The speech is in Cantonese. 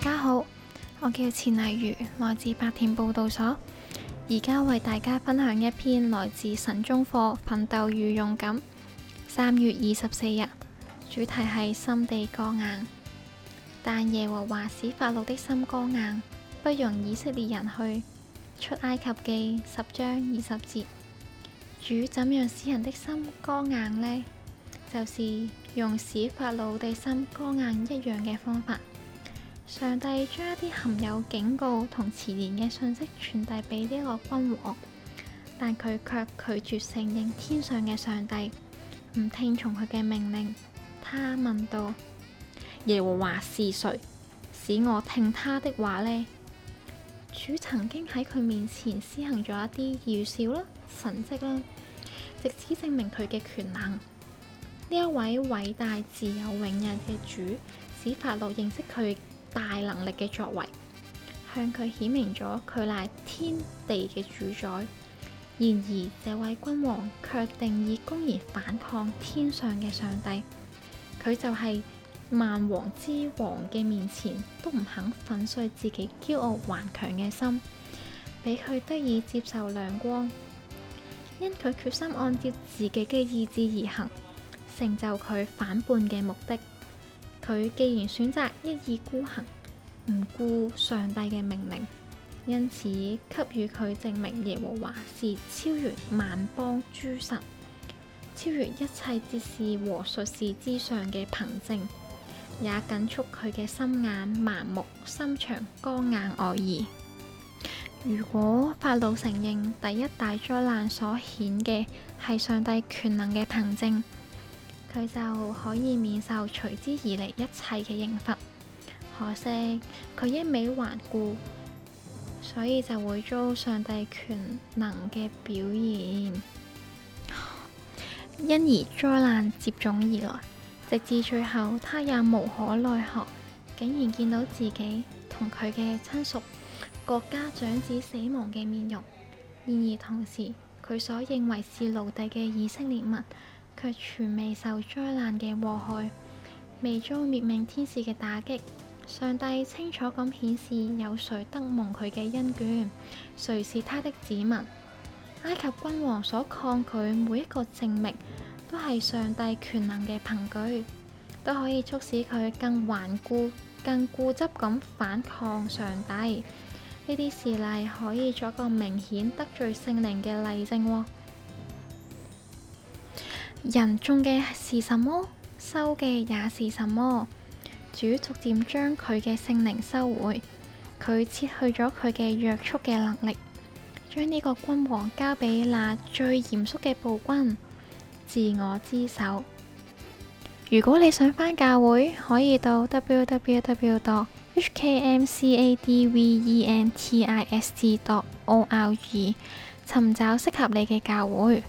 大家好，我叫錢麗如，來自白田報道所。而家為大家分享一篇來自神中課《奮鬥與勇敢》，三月二十四日，主題係心地剛硬。但耶和華使法老的心剛硬，不容以色列人去，出埃及記十章二十節。主怎樣使人的心剛硬呢？就是用使法老的心剛硬一樣嘅方法。上帝將一啲含有警告同慈言嘅信息傳遞俾呢個君王，但佢卻拒絕承認天上嘅上帝，唔聽從佢嘅命令。他問道：耶和華是誰，使我聽他的話呢？主曾經喺佢面前施行咗一啲預兆啦、神跡啦，直至證明佢嘅權能。呢一位偉大、自有永日嘅主，使法老認識佢。大能力嘅作為，向佢顯明咗佢乃天地嘅主宰。然而，這位君王卻定意公然反抗天上嘅上帝。佢就係萬王之王嘅面前都唔肯粉碎自己驕傲頑強嘅心，俾佢得以接受亮光。因佢決心按照自己嘅意志而行，成就佢反叛嘅目的。佢既然選擇一意孤行，唔顧上帝嘅命令，因此給予佢證明耶和華是超越萬邦諸神，超越一切哲士和術士之上嘅憑證，也緊促佢嘅心眼盲目、心腸剛硬、外意。如果法老承認第一大災難所顯嘅係上帝權能嘅憑證，佢就可以免受隨之而嚟一切嘅刑罰。可惜佢一味頑固，所以就會遭上帝權能嘅表現， 因而災難接踵而來。直至最後，他也無可奈何，竟然見到自己同佢嘅親屬、國家長子死亡嘅面容。然而同時，佢所認為是奴隸嘅以色列民，卻全未受災難嘅禍害，未遭滅命天使嘅打擊。上帝清楚咁顯示，有誰得蒙佢嘅恩眷，誰是他的子民。埃及君王所抗拒每一個證明，都係上帝權能嘅憑據，都可以促使佢更頑固、更固執咁反抗上帝。呢啲事例可以作個明顯得罪聖靈嘅例證，哦。人種嘅是什麼，收嘅也是什麼。主逐漸將佢嘅聖靈收回，佢撤去咗佢嘅約束嘅能力，將呢個君王交俾那最嚴肅嘅暴君——自我之手。如果你想返教會，可以到 www.hkmcadventist.org 尋找適合你嘅教會。